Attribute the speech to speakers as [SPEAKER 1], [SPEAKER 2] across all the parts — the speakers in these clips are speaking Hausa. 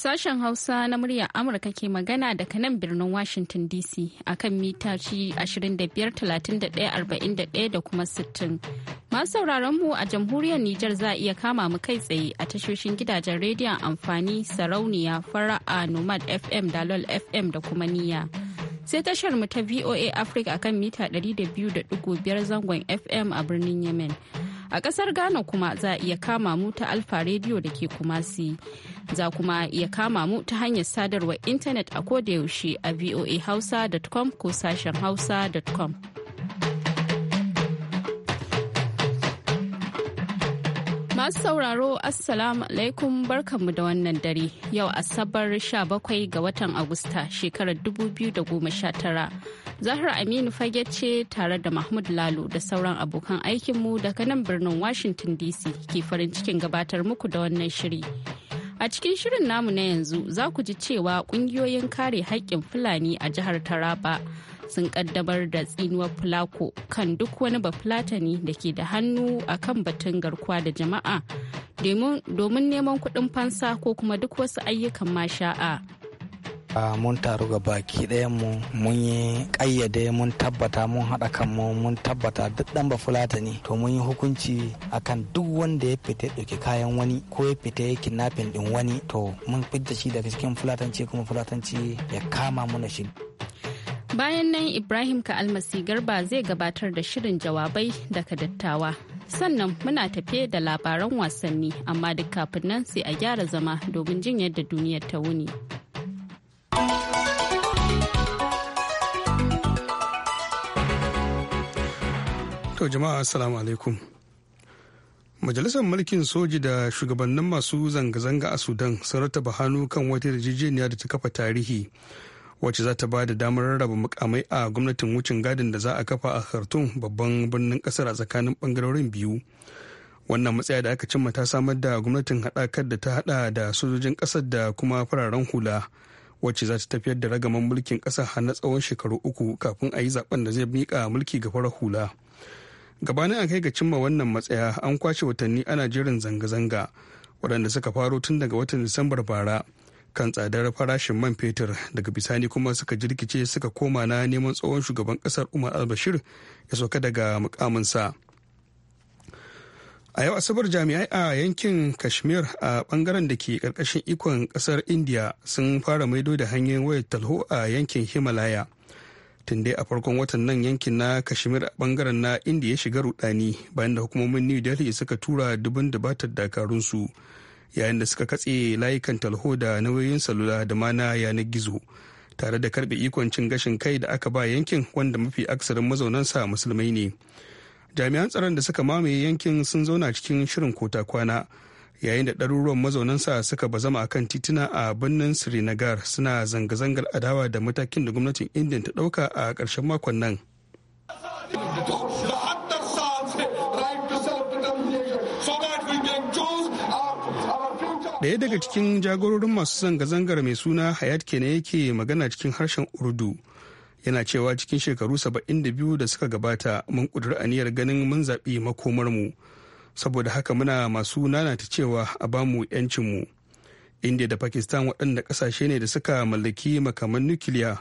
[SPEAKER 1] Sashen Hausa na muryar Amurka ke magana daga nan birnin Washington DC a kan ci 25,31,41 da kuma 60. Masu sauraron mu a jamhuriyar Nijar za iya kama mu kai tsaye a tashoshin gidajen rediyon amfani sarauniya fara'a Nomad FM da LOL FM da kuma niya Sai tashar mu ta VOA Africa akan mita 200.5 zangon FM a birnin Yemen. A ƙasar Ghana kuma za a iya kama mu ta Alfa rediyo da ke Kumasi. Za kuma iya kama mu ta hanyar sadarwar intanet a kodayaushe a voahausa.com ko sashen hausa.com. Masu sauraro Assalamu alaikum barkanmu da wannan dare yau Asabar 17 ga watan Agusta shekarar 2019. Zahra Aminu fage ce tare da Mahmud Lalo da sauran abokan aikinmu daga nan birnin Washington DC ke farin cikin gabatar muku da wannan shiri. A cikin shirin namu na yanzu za ku ji cewa ƙungiyoyin kare haƙƙin Fulani a jihar Taraba sun ƙaddamar da tsinuwar Fulako kan duk wani bafulatani da ke da hannu a kan batun garkuwa da jama'a domin neman kuɗin fansa ko kuma duk wasu ayyukan masha'a.
[SPEAKER 2] Ah, mun taru ga baki mu mun yi ƙayyade mun tabbata mun haɗa kanmu mun tabbata duk ɗan ba fulata ne to mun yi hukunci akan duk wanda ya fita ɗauki kayan wani ko ya fita ya kidnapping ɗin wani to mun fita shi daga cikin fulatanci kuma fulatanci ya kama mana shi.
[SPEAKER 1] Bayan nan Ibrahim ka almasi Garba zai gabatar da shirin jawabai daga dattawa. Sannan muna tafe da labaran wasanni amma duk kafin nan sai a gyara zama domin jin yadda duniyar ta wuni.
[SPEAKER 3] To jama'a assalamu alaikum. Majalisar mulkin soji da shugabannin masu zanga-zanga a Sudan sun rattaba hannu kan wata yarjejeniya da ta kafa tarihi wacce za ta ba da damar rarraba mukamai a gwamnatin wucin gadin da za a kafa a Khartoum babban birnin kasar a tsakanin bangarorin biyu. Wannan matsaya da aka cimma ta samar da gwamnatin haɗakar da ta hada da sojojin ƙasar da kuma fararen hula wacce za ta tafiyar da ragaman mulkin kasar har na tsawon shekaru uku kafin a yi zaben da zai miƙa mulki ga farar hula. gabanin a kai ga cimma wannan matsaya an kwashe watanni ana jiran zanga-zanga waɗanda suka faro tun daga watan disambar bara kan tsadar farashin man fetur daga bisani kuma suka jirkice suka koma na neman tsohon shugaban ƙasar umar albashir ya sauka daga mukaminsa a yau asabar jami'ai a yankin kashmir a bangaren da ke karkashin ikon kasar india sun fara maido da hanyoyin wayar talho a yankin himalaya tun dai a farkon watan nan yankin na kashmir a bangaren na inda ya shiga rudani bayan da hukumomin new delhi suka tura dubin dubatar dakarunsu yayin da suka katse layukan talho da nauyoyin salula da ma na yanar gizo tare da karbe ikon cin gashin kai da aka ba yankin wanda mafi aksarin mazaunansa musulmai ne jami'an tsaron da suka mamaye yankin sun zauna cikin shirin kota kwana yayin da ɗaruruwan mazaunansa suka bazama a kan tituna a birnin srinagar suna zanga-zangar adawa da matakin da gwamnatin indiya ta ɗauka a ƙarshen makon nan ɗaya daga cikin jagororin masu zanga-zangar mai suna Hayat Kene yake magana cikin harshen Urdu. Yana cewa cikin shekaru 72 da suka gabata mun ƙudur aniyar ganin mun zaɓi makomarmu. mu. saboda haka muna masu nanata cewa a bamu 'yancinmu india da pakistan waɗanda ƙasashe ne da suka mallaki makaman nukiliya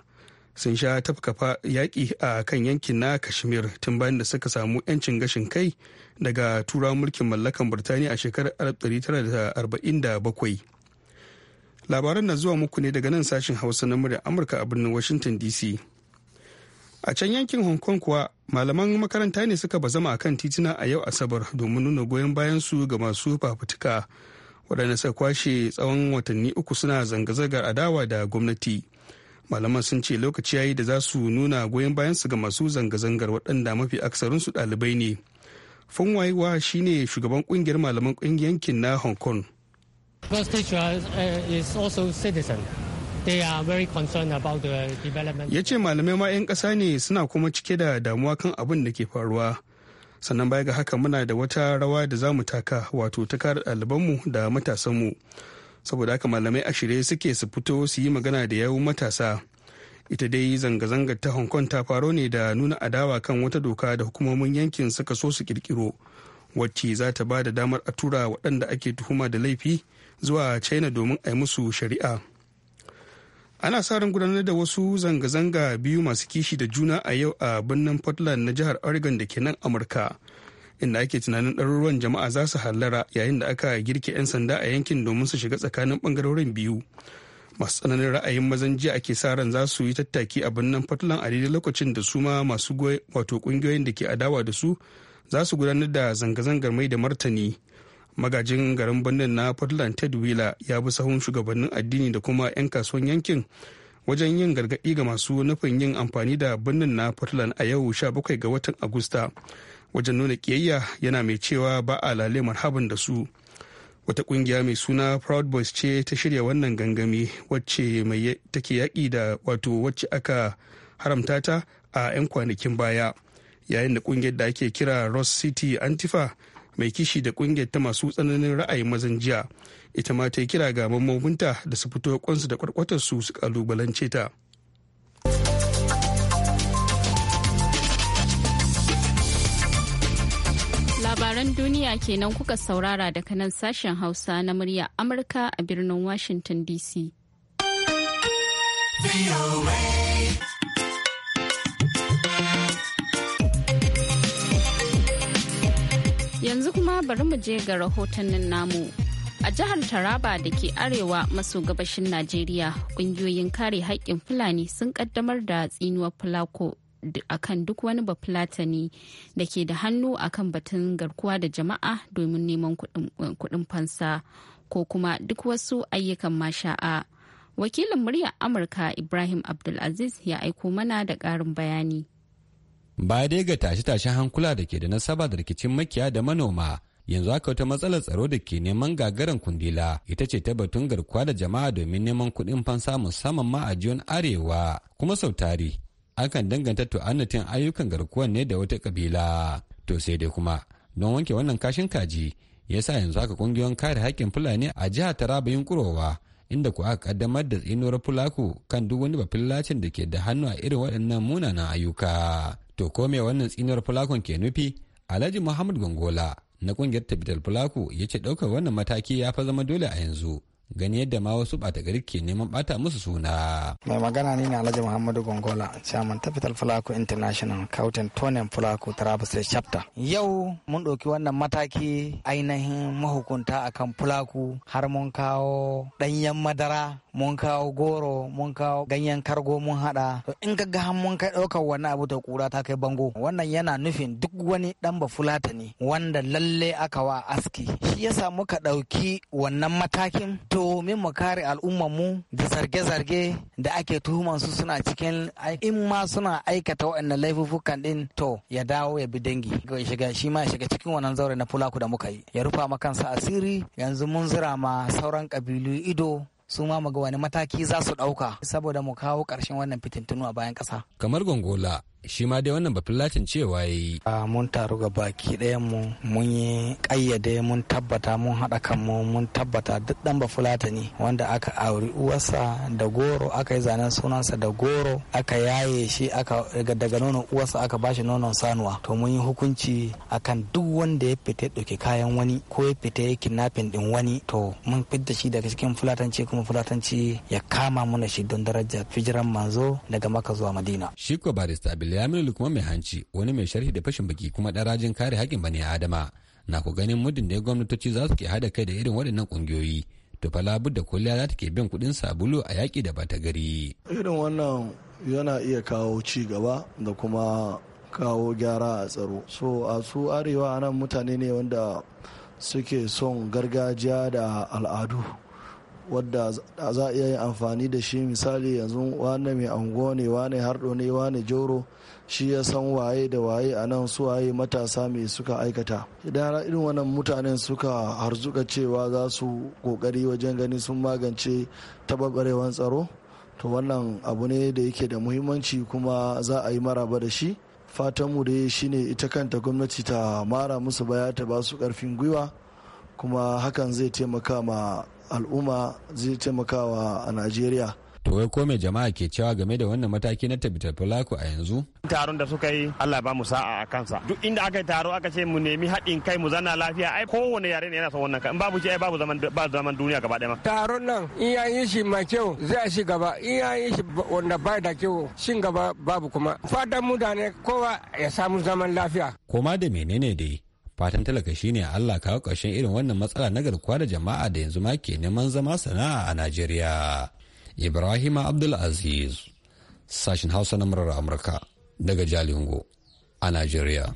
[SPEAKER 3] sun sha tafkafa yaƙi a kan yankin na kashmir tun bayan da suka samu 'yancin gashin kai daga turawan mulkin mallakan birtaniya a shekarar 1947 labaran na zuwa muku ne daga nan sashen hausa na murya amurka a birnin washington dc a can yankin hong kong kuwa malaman makaranta ne suka bazama a kan titina a yau asabar domin nuna goyon bayan su ga masu fafutuka waɗanda suka kwashe tsawon watanni uku suna zanga-zangar adawa da gwamnati malaman sun ce lokaci yayi da za su nuna goyon bayan su ga masu zanga-zangar waɗanda mafi aksarinsu ɗalibai ne funwaiwa shine shugaban kungiyar malaman yankin na hong kong
[SPEAKER 4] uh, is also citizen Ya
[SPEAKER 3] ce malamai ma 'yan ƙasa ne suna kuma cike da damuwa kan abin da ke faruwa. Sannan baya ga haka muna da wata rawa da za mu taka wato ta kare ɗalibanmu da matasanmu. Saboda haka malamai a shirye suke su fito su yi magana da yawun matasa. Ita dai zanga-zangar ta Hong Kong ta faro ne da nuna adawa kan wata doka da hukumomin yankin suka so su kirkiro. wacce za ta ba da damar a tura waɗanda ake tuhuma da laifi zuwa china domin a yi musu shari'a ana sa ran gudanar da wasu zanga-zanga biyu masu kishi da juna a yau a birnin portland na jihar oregon da ke nan amurka inda ake tunanin ɗaruruwan jama'a za su hallara yayin da aka girke 'yan sanda a yankin domin su shiga tsakanin ɓangarorin biyu masu tsananin ra'ayin mazan jiya ake sa ran za su yi tattaki a birnin portland a daidai lokacin da su ma masu wato ƙungiyoyin da ke adawa da su za su gudanar da zanga-zangar mai da martani magajin garin birnin na portland ted wheeler ya bi sahun shugabannin addini da kuma 'yan kasuwan yankin wajen yin gargaɗi ga masu nufin yin amfani da birnin na portland a yau 17 ga watan agusta wajen nuna kiyayya yana mai cewa ba a lale marhaban da su wata kungiya mai suna proud boys ce ta shirya wannan gangami wacce mai take yaƙi da wato wacce aka haramta ta a 'yan kwanakin baya yayin da kungiyar da ake kira ross city antifa mai kishi da kungiyar ta masu tsananin ra'ayin mazan jiya ita ma ta yi kira ga mamobinta da su fito kwansu da kwarkwatar su kalubalance ta
[SPEAKER 1] labaran duniya kenan kuka saurara daga nan sashen hausa na murya amurka a birnin washington dc Yanzu kuma bari mu je ga rahotannin namu. A jihar Taraba da ke arewa maso gabashin Najeriya, kungiyoyin kare haƙƙin Fulani sun ƙaddamar da tsinuwar Fulako akan duk wani bafulatani da ke da hannu akan batun garkuwa da jama'a domin neman eh, kuɗin fansa ko kuma duk wasu ayyukan masha'a. Wakilin muryar Amurka Ibrahim Abdulaziz ya aiko mana da ƙarin bayani.
[SPEAKER 5] Ba dai ga tashe-tashen hankula da ke da nasaba da rikicin makiya da manoma yanzu haka wata matsalar tsaro da ke neman gagaran kundila ita ce ta batun garkuwa da jama'a domin neman kuɗin fansa musamman ma a arewa kuma sau tari akan danganta tu'annatin ayyukan garkuwa ne da wata kabila to sai dai kuma don wanke wannan kashin kaji yasa yanzu haka ƙungiyoyin kare haƙƙin fulani a jihar taraba yunkurowa inda ku aka kaddamar da tsinuwar fulaku kan duk wani bafillacin da ke da hannu a irin waɗannan munanan ayyuka to ko me wannan tsinuwar fulakon ke nufi alhaji muhammad gongola na kungiyar tabital fulaku ya ce ɗaukar wannan mataki ya fa zama dole a yanzu gani yadda ma wasu bata gari ke neman bata musu suna.
[SPEAKER 2] mai magana ni ne alhaji muhammadu gongola chairman tafital fulako international kautin tonin fulako travis chapter yau mun ɗauki wannan mataki ainihin mahukunta akan fulaku har mun kawo ɗanyen madara mun kawo goro mun kawo ganyen kargo mun hada to in ga mun kai daukar wani abu ta kura ta kai bango wannan yana nufin duk wani dan bafulata ne wanda lalle aka wa aski shi yasa muka dauki wannan matakin to min mu kare al'ummar mu da zarge-zarge da ake tuhuman su suna cikin in ma suna aikata wa'annan laifuffukan din to ya dawo ya bi dangi shiga shi ma shiga cikin wannan zaure na fulaku da muka yi ya rufa ma kansa asiri yanzu mun zira ma sauran kabilu ido su ma mu ga wani mataki za su ɗauka saboda mu kawo ƙarshen wannan fitintunu a bayan ƙasa. Kamar Gongola shi ma dai wannan bafin cewa ya yi. mun taru ga baki ɗaya mu mun yi ƙayyade mun tabbata mun haɗa kanmu mun tabbata duk ɗan bafin ne wanda aka auri uwarsa da goro aka yi zanen sunansa da goro aka yaye shi aka daga nonon uwarsa aka bashi nonon sanuwa to mun yi hukunci akan duk wanda ya fita ɗauki kayan wani ko ya fita ya kidnapping ɗin wani to mun fidda shi daga cikin fulatanci kuma fulatanci ya kama mana shi don darajar fijiran manzo daga maka zuwa
[SPEAKER 5] madina. shi ko barista Bilyaminu Lukman mai hanci wani mai sharhi da fashin biki kuma ɗan rajin kare haƙƙin bani Adama na ku ganin muddin da gwamnatoci za su ke haɗa kai da irin waɗannan ƙungiyoyi to fa labu da kulliya za ta ke bin kuɗin sabulu a yaƙi da bata gari.
[SPEAKER 6] Irin wannan yana iya kawo ci gaba da kuma kawo gyara a tsaro. So a su arewa nan mutane ne wanda suke son gargajiya da al'adu wadda za a iya yin amfani da shi misali yanzu wane mai ango ne wane hardo ne wane joro shi ya san waye da waye a nan su waye matasa mai suka aikata idan irin wannan mutanen suka harzuka cewa za su kokari wajen gani sun magance taɓarɓarewar tsaro to wannan abu ne da yake da muhimmanci kuma za a yi maraba da shi fatanmu dai shine ita kanta gwamnati ta mara musu baya ta ba su ƙarfin gwiwa kuma hakan zai taimaka ma al'umma zai taimakawa a najeriya
[SPEAKER 5] to wai ko mai jama'a ke cewa game da wannan mataki na tabbatar fulaku a yanzu taron da suka yi Allah ba mu sa'a a kansa duk inda aka yi taro aka ce mu nemi haɗin kai mu zanna lafiya ai kowane yare ne yana son wannan in babu shi ai babu zaman ba zaman duniya gaba ɗaya ma taron nan in ya yi shi mai kyau zai shi gaba in ya yi shi wanda ba da kyau shin gaba babu kuma fatan mutane kowa ya samu zaman lafiya koma da menene dai fatan talaka shine Allah kawo ƙarshen irin wannan matsala na garkuwa da jama'a da yanzu ma ke neman zama sana'a a Najeriya. Ibrahim Abdul Aziz, sashen Hausa na murar Amurka daga Jalingo a Najeriya.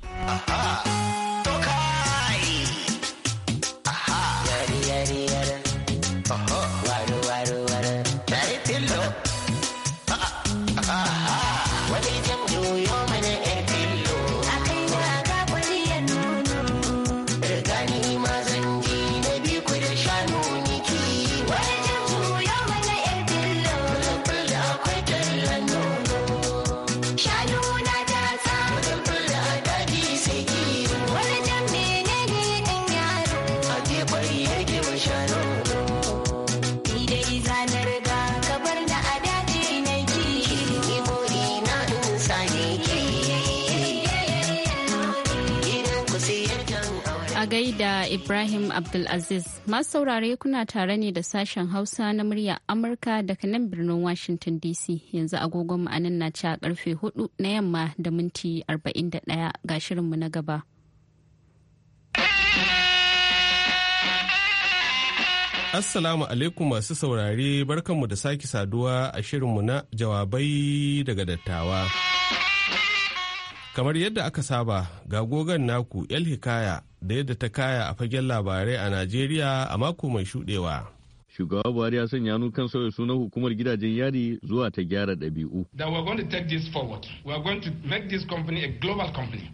[SPEAKER 1] A gaida Ibrahim Abdulaziz, masu saurare kuna tare ne da sashen Hausa na murya Amurka daga nan birnin Washington DC yanzu agogon ma'anin na ci a karfe 4 na yamma da minti 41 ga shirinmu na gaba.
[SPEAKER 7] Assalamu alaikum masu saurare barkanmu da sake saduwa a shirinmu na jawabai daga dattawa. kamar yadda aka saba ga gogon naku el hikaya da yadda ta kaya a fagen labarai a najeriya a mako mai shudewa
[SPEAKER 8] shugaba buhari ya sanya hannu kan sauya sunan hukumar gidajen yari zuwa ta gyara ɗabi'u that we are going to take
[SPEAKER 3] this forward we are going to make this company a global company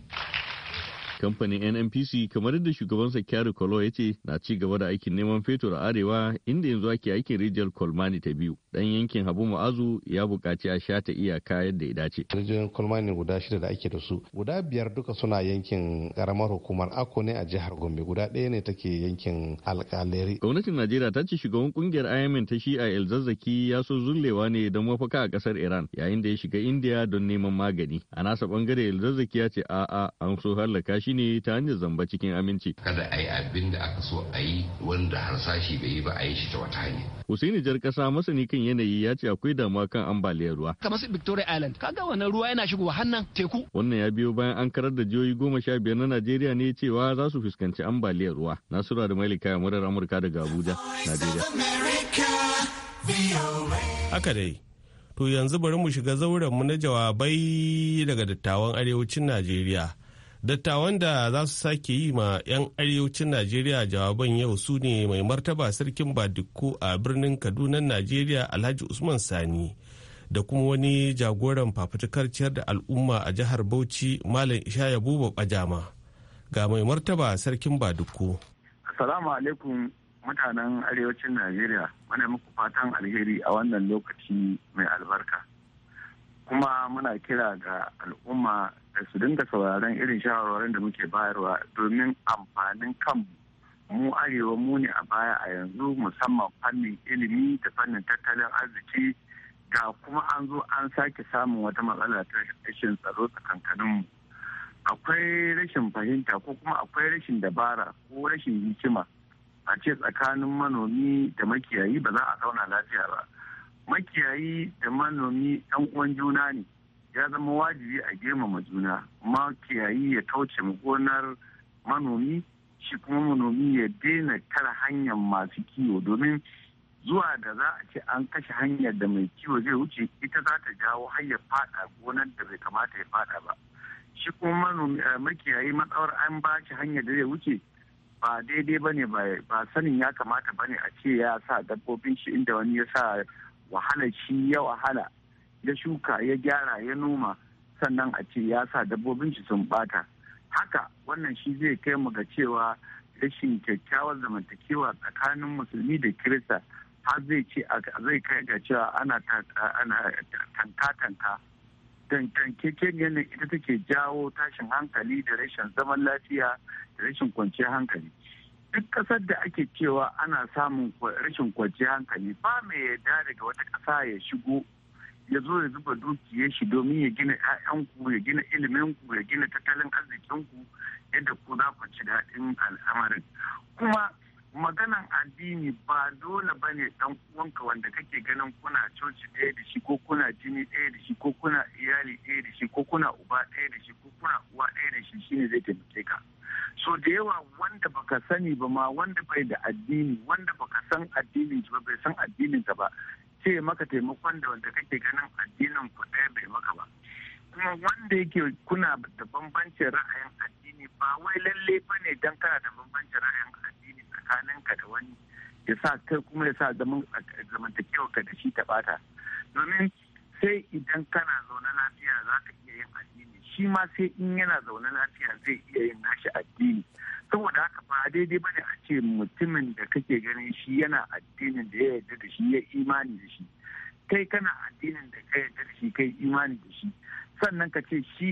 [SPEAKER 8] Kamfanin NNPC kamar yadda shugabansa Kyari Kolo ya ce na ci gaba da aikin neman fetur a arewa inda yanzu ake aikin rijiyar Kolmani ta biyu. Dan yankin Habu Ma'azu ya buƙaci a shata iyaka yadda ya dace. rijiyar Kolmani guda shida da ake da su. Guda biyar
[SPEAKER 3] duka suna yankin karamar hukumar Ako ne a jihar Gombe. Guda ɗaya ne take yankin alƙaleri.
[SPEAKER 8] Gwamnatin Najeriya ta ce shugaban kungiyar IMN ta shi a Elzazzaki ya so zullewa ne don mafaka a kasar Iran yayin da ya shiga Indiya don neman magani. A nasa ɓangare Elzazzaki ya ce a'a an so hallaka shi shine ta hanyar zamba cikin aminci. Kada a yi
[SPEAKER 5] abin da aka so a yi wanda harsashi bai yi ba a yi shi ta wata hanya.
[SPEAKER 8] Husaini Jar Kasa masani kan yanayi ya ce akwai damuwa kan ambaliyar ruwa.
[SPEAKER 6] Kamar su Victoria Island kaga wannan ruwa yana shigowa hannan teku.
[SPEAKER 8] Wannan ya biyo bayan an karar da jihohi goma sha biyar na Najeriya ne cewa za su fuskanci ambaliyar ruwa. Nasura da Malika ya murar Amurka daga Abuja, Najeriya. Haka dai. To yanzu bari mu shiga zauren mu na
[SPEAKER 7] jawabai daga dattawan arewacin Najeriya. dattawan da za su sake yi ma 'yan arewacin najeriya jawaban yau su ne mai martaba sarkin badikko a birnin kaduna najeriya alhaji usman sani da kuma wani jagoran fafutukar ciyar da al'umma a jihar bauchi malam ishaya buba bajama ga mai martaba sarkin badikko
[SPEAKER 9] assalamu alaikum mutanen arewacin najeriya muna muku fatan alheri a wannan lokaci mai albarka kuma muna kira ga al'umma da su dinga sauraron irin shawarwarin da muke bayarwa domin amfanin kan mu arewa mu ne a baya a yanzu musamman fannin ilimi da fannin tattalin arziki ga kuma an zo an sake samun wata matsala ta rashin tsaro mu akwai rashin fahimta ko kuma akwai rashin dabara ko rashin hikima a ce tsakanin manomi da makiyayi ba za a zauna lafiya ba makiyayi da manomi ɗan uwan juna ne ya zama wajibi a girmama juna makiyayi ya kauce gonar manomi shi kuma manomi ya daina tara hanyar masu kiwo domin zuwa da za a ce an kashe hanyar da mai kiwo zai wuce ita za ta jawo har ya fada gonar da bai kamata ya fada ba shi kuma manomi eh, makiyayi matsawar an ba shi hanyar da zai wuce ba daidai ba ne ba sanin ya kamata ba ne a ce ya sa dabbobin shi inda wani ya sa wahala shi ya wahala ya shuka ya gyara ya noma sannan a ce ya sa dabbobin shi sun bata haka wannan shi zai kai mu ga cewa rashin kyakkyawar zamantakewa tsakanin musulmi da kirista har zai ce zai kai ga cewa ana tanka-tanka tankakekeniyar ne ita take jawo tashin hankali da rashin zaman lafiya da rashin kwanciyar hankali duk kasar da ake cewa ana samun rashin kwanciyar hankali ba mai yarda daga wata ƙasa ya shigo ya zo ya zuba dukiyar shi domin ya gina 'ya'yanku ya gina iliminku ya gina tattalin arzikinku yadda ku za ku ci daɗin al'amarin kuma maganan addini ba dole ba ne ɗan uwanka wanda kake ganin kuna coci ɗaya da shi ko kuna jini ɗaya da shi ko kuna iyali ɗaya da shi ko kuna uba ɗaya da shi ko kuna uwa ɗaya da shi shine zai taimake ka so da yawa wanda baka sani ba ma wanda bai da addini wanda baka san addinin ba bai san addinin ka ba ce maka taimakon da wanda kake ganin addinin ku ɗaya bai maka ba kuma wanda yake kuna da bambancin ra'ayin addini ba wai lalle ba ne don kana da bambancin ra'ayin addini tsakanin ka da wani ya sa kai kuma ya sa ka da shi ta bata domin sai idan kana zaune lafiya za ka iya yin addini shi ma sai in yana zaune lafiya zai iya yin nashi addini saboda haka ba daidai ne a ce mutumin da kake ganin shi yana addinin da ya yarda da shi ya imani da shi kai kana addinin da ka yarda da shi kai imani da shi sannan ka ce shi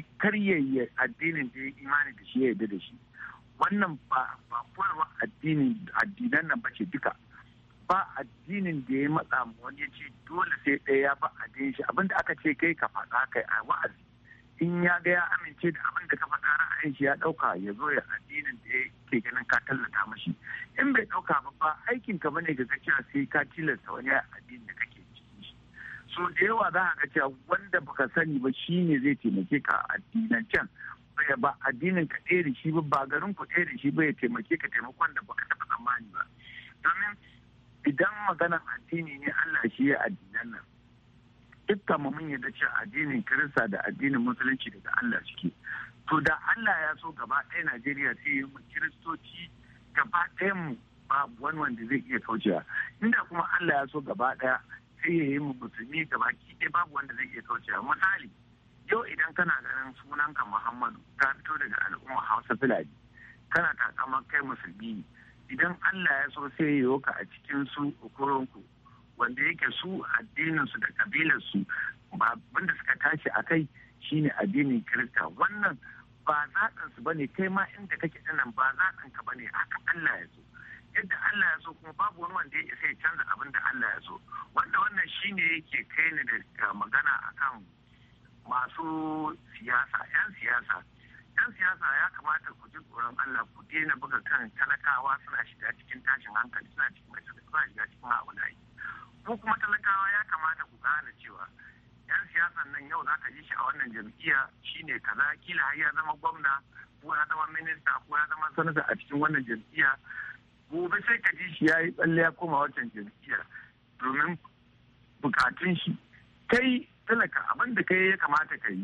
[SPEAKER 9] ya addinin da ya imani da shi ya yarda da shi wannan ba ba addinin addinan nan ce duka ba addinin da ya matsa mu wani ya ce dole sai ɗaya ba addinin shi abinda aka ce kai ka faɗa kai a wa'azi in ya ga ya amince da abin da ka faɗa ra'ayin shi ya ɗauka ya zo ya addinin da yake ganin ka tallata mashi in bai ɗauka ba ba aikin ka bane ga gaciya sai ka tilasta wani addinin da kake cikin shi so da yawa za ka ga cewa wanda baka sani ba shi ne zai taimake ka addinin can ba addinin ka ɗaya da shi ba ba garin ku ɗaya da shi ba ya taimake ka taimakon da baka taɓa tsammani ba domin idan maganar addini ne Allah shi ya addinan nan dukkan mu mun dace a addinin Kirista da addinin Musulunci daga Allah ciki To da Allah ya so gaba ɗaya Najeriya sai yi mu Kiristoci gaba ɗaya mu babu wani wanda zai iya kaucewa. Inda kuma Allah ya so gaba ɗaya sai ya yi mu musulmi gaba ɗaya babu wanda zai iya kaucewa. Misali yau idan kana ganin sunanka Muhammadu ka fito daga al'umma Hausa Fulani kana takamar kai musulmi ne. Idan Allah ya so sai ya yi ka a cikin su ukurunku wanda yake su addininsu da kabilarsu ba da suka tashi a kai shine addinin kirista wannan ba zaɓinsu ba ne kai ma inda kake ɗanan ba zaɓinka ba ne haka Allah ya zo yadda Allah ya so kuma babu wani wanda ya isa ya canza abin da Allah ya so wanda wannan shine yake kai ni da magana akan masu siyasa 'yan siyasa 'yan siyasa ya kamata ku ji tsoron Allah ku daina buga kan talakawa suna shiga cikin tashin hankali suna cikin mai suna shiga cikin ma'ulayi ko kuma talakawa ya kamata ku gane cewa 'yan siyasan nan yau za ka ji shi a wannan jam'iyya
[SPEAKER 7] shine kaza
[SPEAKER 9] kila har ya zama gwamna ko ya zama minista ko ya zama sanata a cikin wannan jam'iyya
[SPEAKER 6] gobe sai ka ji
[SPEAKER 9] shi ya yi tsalle ya koma wancan jam'iyya domin bukatun shi kai talaka abin da kai ya kamata ka yi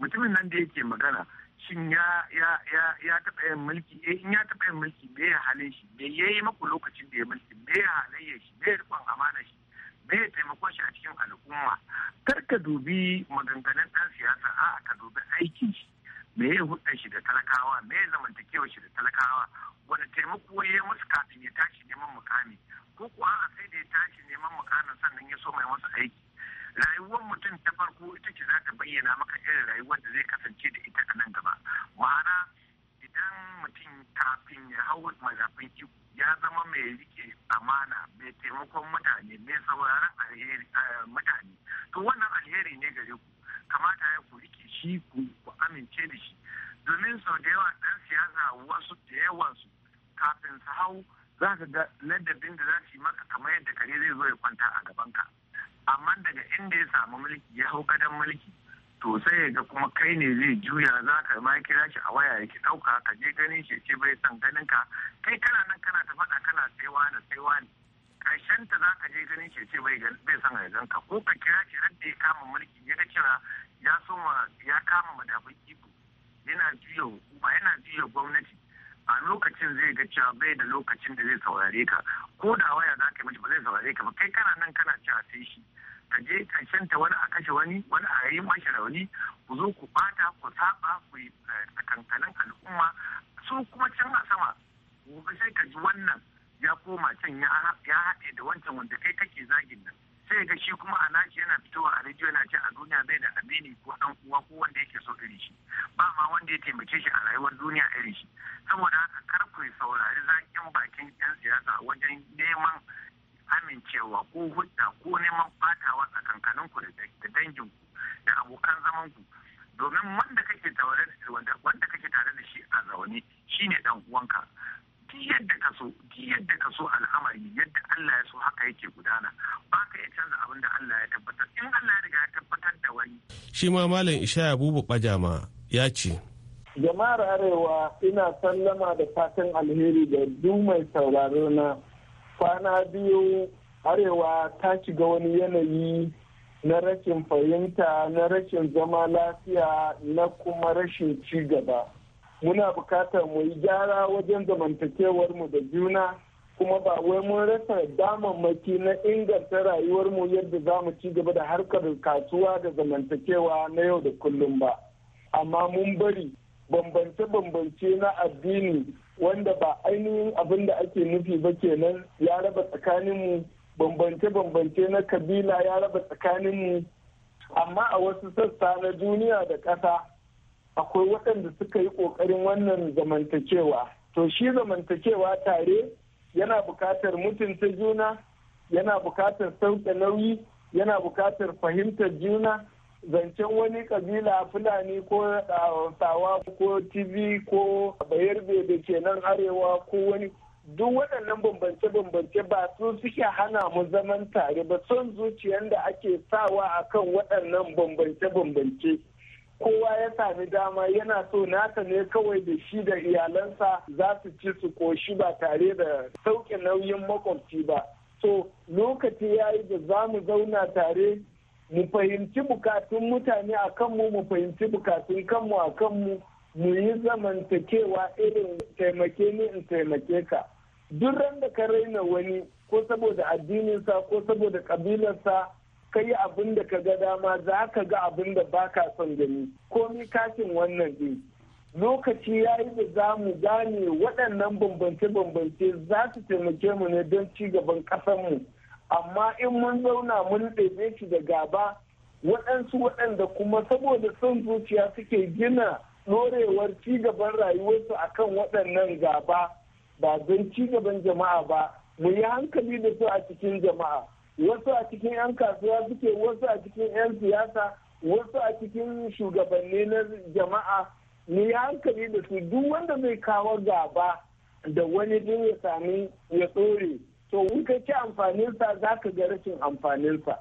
[SPEAKER 9] mutumin nan da yake magana shin ya ya ya ya taɓa yin mulki eh in ya taɓa yin mulki me ya halin shi me ya yi maku lokacin da ya mulki me ya halayya shi me ya riƙon amana shi me ya taimakon shi a cikin al'umma
[SPEAKER 6] kar ka dubi
[SPEAKER 9] maganganun ɗan siyasa a ka dubi
[SPEAKER 6] aikin shi me ya hudda
[SPEAKER 9] shi da talakawa me ya zamantakewa shi da talakawa wani taimako ya musu kafin ya tashi neman mukami ko kuwa a sai da ya tashi neman mukamin sannan ya so mai masa aiki rayuwar mutum ta farko ita ce za ta bayyana maka irin rayuwar da zai kasance da ita a nan gaba ma'ana idan mutum kafin ya hau mazafin iko ya zama mai rike amana mai taimakon mutane mai sauraron alheri eh, mutane to wannan alheri ne gare ku kamata ya ku rike shi ku amince da shi domin sau da yawa ɗan siyasa wasu da yawansu kafin su hau za ka ga ladabin da za su yi maka kamar yadda kare zai zo ya kwanta a gaban ka amma daga inda ya samu mulki ya hau gadon mulki to sai ya ga kuma kai ne zai juya za ka ma kira shi a waya ya ki ɗauka ka je ganin shi ce bai san ganin ka kai kana nan kana ta faɗa kana saiwa da saiwa ne karshen ta za ka je ganin shi ce bai bai san ganin ka ko ka kira shi har da ya kama mulki ya ga cewa ya ma ya kama madafun iko yana juya hukuma yana juya gwamnati a lokacin zai ga cewa bai da lokacin da zai saurare ka ko da waya za ka yi mace ba zai saurare ka ba kai kana nan kana cewa sai shi a je ta wani a kashe wani wani a yi mashi rauni ku zo ku bata ku saba ku yi eh, tsakankanin al'umma su kuma can a sama sai ka ji wannan ya koma can ya haɗe da wancan wanda kai kake zagin nan sai ga shi kuma a nashi yana fitowa a rediyo yana ce a duniya bai da amini ko dan uwa ko wanda yake so irin shi ba ma wanda ya taimake shi a rayuwar duniya irin shi saboda haka kar ku saurari zakin bakin yan siyasa wajen neman amincewa ko hudda ko neman fatawa tsakankanin ku da dangin ku da abokan zaman domin wanda kake tare wanda kake tare da shi a zaune shine dan uwanka duk yadda ka so duk yadda ka so al'amari yadda Allah ya so haka yake gudana
[SPEAKER 6] baka ka iya canza abin da Allah ya tabbatar in Allah ya riga ya tabbatar da wani
[SPEAKER 7] shi ma malam Ishaya Abubu Bajama ya ce
[SPEAKER 6] jama'ar arewa ina sallama da fatan alheri da duk mai sauraro na kwana biyu arewa ta shiga wani yanayi na rashin fahimta na rashin zama lafiya na kuma rashin ci gaba muna bukatar mu yi gyara wajen zamantakewar mu da juna kuma ba wai mun rasa damammaki na inganta rayuwar mu yadda za mu ci gaba da harkar kasuwa da zamantakewa na yau da kullum ba amma mun bari bambance-bambance na addini wanda ba ainihin abin da ake nufi ba kenan ya raba tsakaninmu bambance-bambance na kabila ya raba tsakaninmu amma a wasu sassa na duniya da ƙasa akwai waɗanda suka yi ƙoƙarin wannan zamantakewa to shi zamantakewa tare yana buƙatar mutunta juna yana buƙatar sauke nauyi yana buƙatar fahimtar juna zancen wani kabila fulani ko sawa ko tv ko bayarbe da ke nan arewa ko wani duk waɗannan bambance-bambance ba su suke hana mu zaman tare ba son zuciyar da ake sawa a kan waɗannan bambance-bambance kowa ya sami dama yana so nasa ne kawai da shi da iyalansa za su ci su koshi ba tare da sauke nauyin makwabci ba so lokaci ya yi da za mu zauna tare mu fahimci bukatun mutane a kanmu mu fahimci bukatun kanmu a kanmu mu yi zamantakewa irin taimake ni in taimake ka duk ran da ka raina wani ko saboda addininsa ko saboda kabilarsa ka yi abin da ka ga dama za ka ga abin da ba ka son gani komi kashin wannan din lokaci ya yi da za mu gane waɗannan bambance-bambance za su taimake mu ne don ci gaban ƙasarmu amma in mun zauna mun ɗebe shi da gaba waɗansu waɗanda kuma saboda son zuciya suke gina ɗorewar cigaban rayuwarsu a kan waɗannan gaba ba don cigaban jama'a ba mu yi hankali da su a cikin jama'a wasu a cikin 'yan kasuwa suke wasu a cikin 'yan siyasa wasu a cikin shugabanni na jama'a mu yi hankali da su duk wanda mai kawo gaba da wani din ya sami ya tsore to in ka ci amfaninsa za ka ga rashin amfaninsa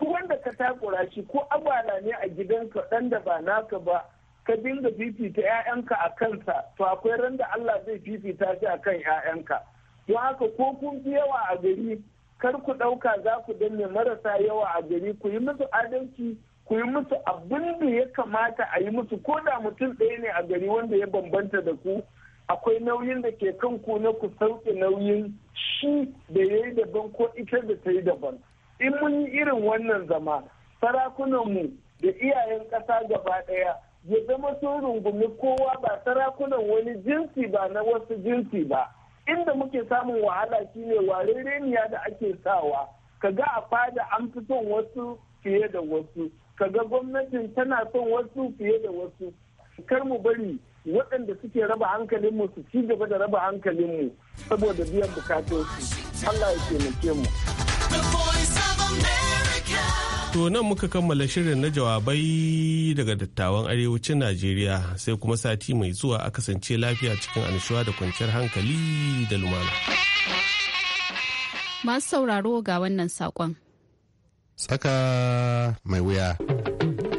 [SPEAKER 6] duk wanda ka takura shi ko abala ne a gidanka ɗan da ba naka ba ka dinga fifita 'ya'yanka a kansa to akwai ran da Allah zai fifita shi a kan 'ya'yanka don haka ko kun fi yawa a gari kar ku ɗauka za ku danne marasa yawa a gari ku yi musu adalci ku yi musu abin da ya kamata a yi musu ko da mutum ɗaya ne a gari wanda ya bambanta da ku akwai nauyin da ke kan ku na ku sauke nauyin shi da ya yi daban ko ita da ta yi daban in mun yi irin wannan zama sarakunanmu da iyayen ƙasa gaba ɗaya ya zama so rungumi kowa ba sarakunan wani jinsi ba na wasu jinsi ba inda muke samun wahala shine warereniya da ake sawa ka ga a fada an fi son wasu fiye da wasu kaga gwamnatin tana son wasu fiye da wasu kar mu bari waɗanda suke raba hankalinmu su ci gaba da raba hankalinmu saboda biyan bukatunsu Allah ya taimake mu.
[SPEAKER 7] To nan muka kammala shirin na jawabai daga dattawan arewacin Najeriya sai kuma sati mai zuwa a kasance lafiya cikin annashuwa da kwanciyar hankali da lumana.
[SPEAKER 1] Masu sauraro ga wannan sakon.
[SPEAKER 7] saka mai wuya.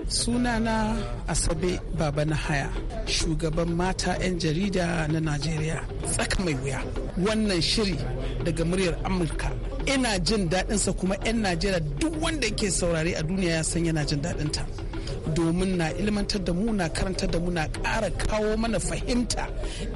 [SPEAKER 1] sunana
[SPEAKER 3] asabe baba na haya shugaban mata 'yan jarida na najeriya tsaka mai wuya wannan shiri daga muryar amurka ina jin daɗinsa kuma 'yan najeriya duk wanda ke saurare a duniya ya san yana jin daɗinta domin na ilmantar da mu na karantar da mu na ƙara kawo mana fahimta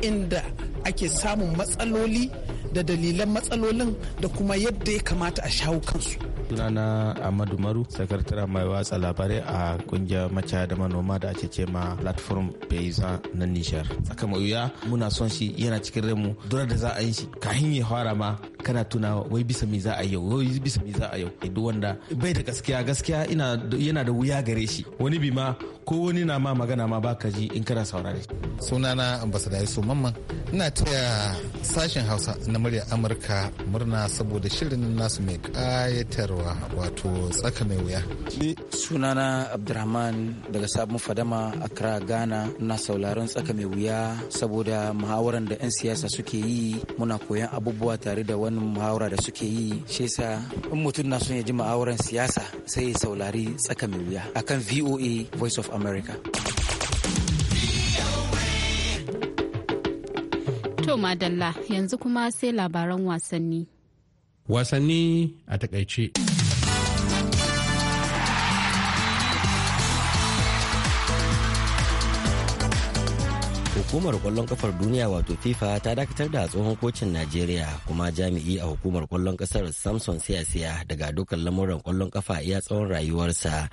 [SPEAKER 3] inda ake samun matsaloli da dalilan matsalolin da kuma yadda ya kamata a shawo
[SPEAKER 7] kansu. sunana Amadu Maru, sakataren mai watsa labarai a kungiyar maca da manoma da ake ce ma platform Paysa na Nishar. Tsaka mai wuya muna son shi yana cikin remu durar da za a yi shi kahin ya fara ma kana tuna wai bisa me za a yau wai bisa me za a yau eh, duk wanda bai da gaskiya gaskiya ina yana da wuya gare shi wani bi ma ko wani na ma magana ma baka ji in kana saurare. Sunana Ambassador Yusuf Mamman ina taya sashen Hausa na murya amurka murna saboda shirin nasu mai kayatarwa wato tsaka mai
[SPEAKER 4] wuya sunana abdurrahman daga sabon fadama accra ghana na sauraron tsaka mai wuya saboda muhawaran da 'yan siyasa suke yi muna koyan abubuwa tare da wani muhawara da suke yi shi yasa in mutum na son ya ji muhawaran siyasa sai ya saurari tsaka mai wuya akan voa voice of america
[SPEAKER 1] To Madalla yanzu kuma sai labaran wasanni.
[SPEAKER 8] Wasanni a takaice.
[SPEAKER 4] Hukumar kwallon kafar duniya wato FIFA ta dakatar da tsohon kocin Najeriya kuma jami'i a hukumar kwallon kasar Samson Siya-Siya daga dukkan lamuran kwallon kafa iya tsawon rayuwarsa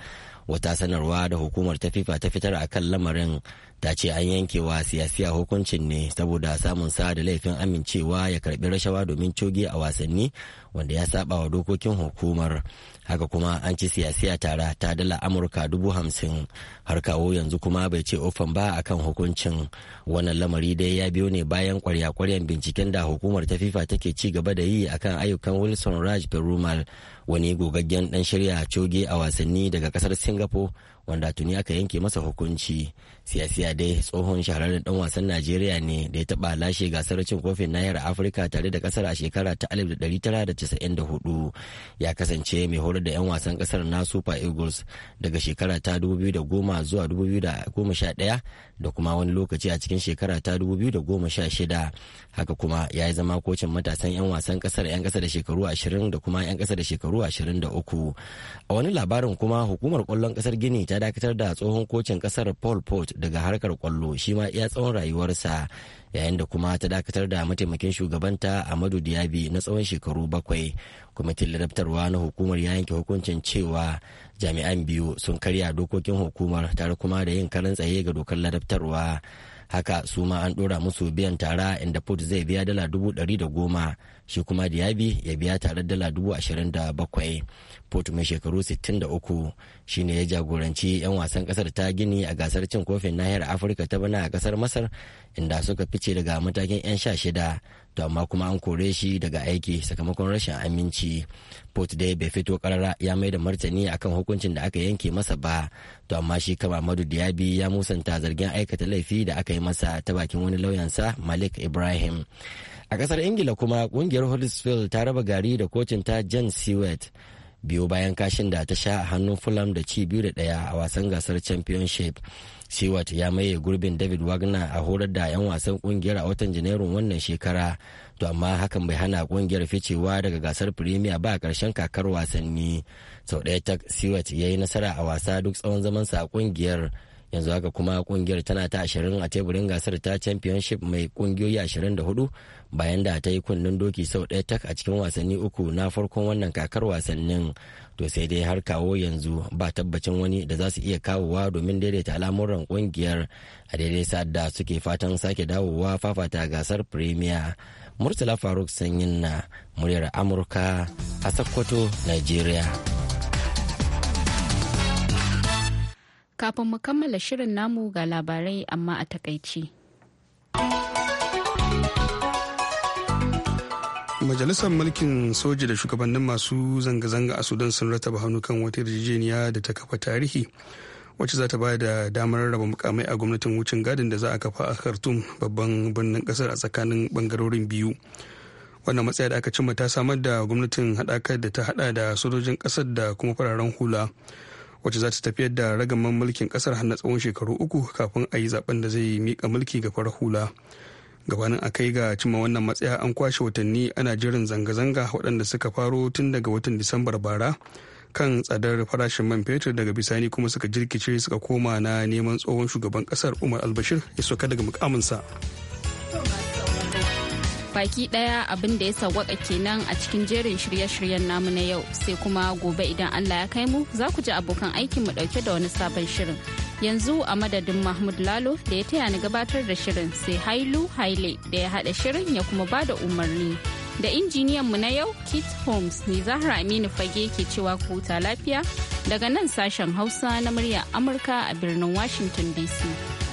[SPEAKER 4] wata sanarwa da hukumar ta fifa ta fitar a kan lamarin ta ce an yanke wa siyasiya hukuncin ne saboda samun sa da laifin amincewa ya karbi rashawa domin coge a wasanni wanda ya saba wa dokokin hukumar haka kuma an ci siyasiya tara ta dala amurka dubu hamsin har kawo yanzu kuma bai ce ofan ba a akan hukuncin wannan lamari dai ya biyo ne bayan kwarya-kwaryan binciken da hukumar ta fifa take ci gaba da yi akan ayyukan wilson raj perumal wani gogaggen dan shirya coge a wasanni daga kasar Sin. singapore wanda tuni aka yanke masa hukunci siyasiya dai tsohon shahararren dan wasan najeriya ne da ya taba lashe gasar cin kofin nahiyar afirka tare da kasar a shekara ta 1994 ya kasance mai horar da 'yan wasan kasar na super eagles daga shekara ta 2010 zuwa 2011 da kuma wani lokaci a cikin shekara ta 2016 haka kuma ya yi zama kocin matasan 'yan wasan kasar 'yan kasa da shekaru 20 da kuma 'yan kasa da shekaru 23 a wani labarin kuma hukumar kwallon kasar gini ta dakatar da tsohon kocin kasar paul port daga harkar kwallo shi ma iya tsawon rayuwarsa yayin da kuma ta dakatar da mataimakin shugabanta amadu diyabi na tsawon shekaru bakwai kwamitin ladabtarwa na hukumar ya yanke hukuncin cewa jami'an biyu sun karya dokokin hukumar tare kuma da yin karan tsaye ga dokar ladabtarwa haka su ma an dora musu biyan tara inda put zai biya dala dubu ɗari da goma shi kuma diyabi ya biya tare dala dubu ashirin da bakwai Port mai shekaru 63 shine ya jagoranci 'yan wasan kasar ta gini a gasar cin kofin nahiyar Afirka ta bana a kasar Masar inda suka fice daga matakin 'yan sha shida to amma kuma an kore shi daga aiki sakamakon rashin aminci. Port dai bai fito karara ya mai da martani akan hukuncin da aka yanke masa ba to amma shi kama Madu Diaby ya musanta zargin aikata laifi da aka yi masa ta bakin wani lauyansa Malik Ibrahim. A kasar Ingila kuma kungiyar Huddersfield ta raba gari da kocin ta Jan Seward biyo bayan kashin da ta sha a hannun fulham da ci biyu da ɗaya a wasan gasar championship siwat ya maye gurbin David Wagner a horar da 'yan wasan kungiyar a watan Janairun wannan shekara, to amma hakan bai hana kungiyar ficewa daga gasar Premier ba a karshen kakar wasanni. Sau ɗaya ta siwat ya yi nasara a wasa duk tsawon zamansa a kungiyar yanzu haka kuma kungiyar tana ta ashirin a teburin gasar ta championship mai kungiyoyi ashirin da hudu bayan da ta yi kunnen doki sau ɗaya tak a cikin wasanni uku na farkon wannan kakar wasannin to sai dai har kawo yanzu ba tabbacin wani da za su iya kawowa domin daidaita al'amuran kungiyar a daidai sa'ad da suke fatan sake dawowa fafata gasar premier murtala faruk sanyin na muryar amurka a sokoto nigeria
[SPEAKER 1] kafin mu kammala shirin namu ga labarai amma a takaici.
[SPEAKER 3] majalisar mulkin soji da shugabannin masu zanga-zanga a sudan sun rataba hannu kan wata yarjejeniya da ta kafa tarihi wacce za ta ba da damar raba mukamai a gwamnatin wucin gadin da za a kafa a khartoum babban birnin kasar a tsakanin bangarorin biyu wannan matsaya da aka cimma ta samar da gwamnatin haɗakar da ta hada da sojojin ƙasar da kuma fararen hula wacce za ta tafiyar da ragaman mulkin kasar har na tsawon shekaru uku kafin a yi zaben da zai mika mulki ga farar hula gabanin a kai ga cimma wannan matsaya an kwashe watanni ana jirin zanga-zanga waɗanda suka faro tun daga watan disambar bara kan tsadar farashin man fetur daga bisani kuma suka jirkice suka koma na neman tsohon shugaban kasar umar albashir ya soka daga mukaminsa.
[SPEAKER 1] baki daya abin da ya sauwaka kenan a cikin jerin shirye-shiryen namu na yau sai kuma gobe idan allah ya kai mu za ku ji abokan aikin mu dauke da wani sabon shirin yanzu a madadin mahmud lalo da ya taya ni gabatar da shirin sai hailu haile da ya haɗa shirin ya kuma ba da umarni da injiniyan mu na yau kit holmes ne zahra aminu fage ke cewa ku huta lafiya daga nan sashen hausa na murya amurka a birnin washington dc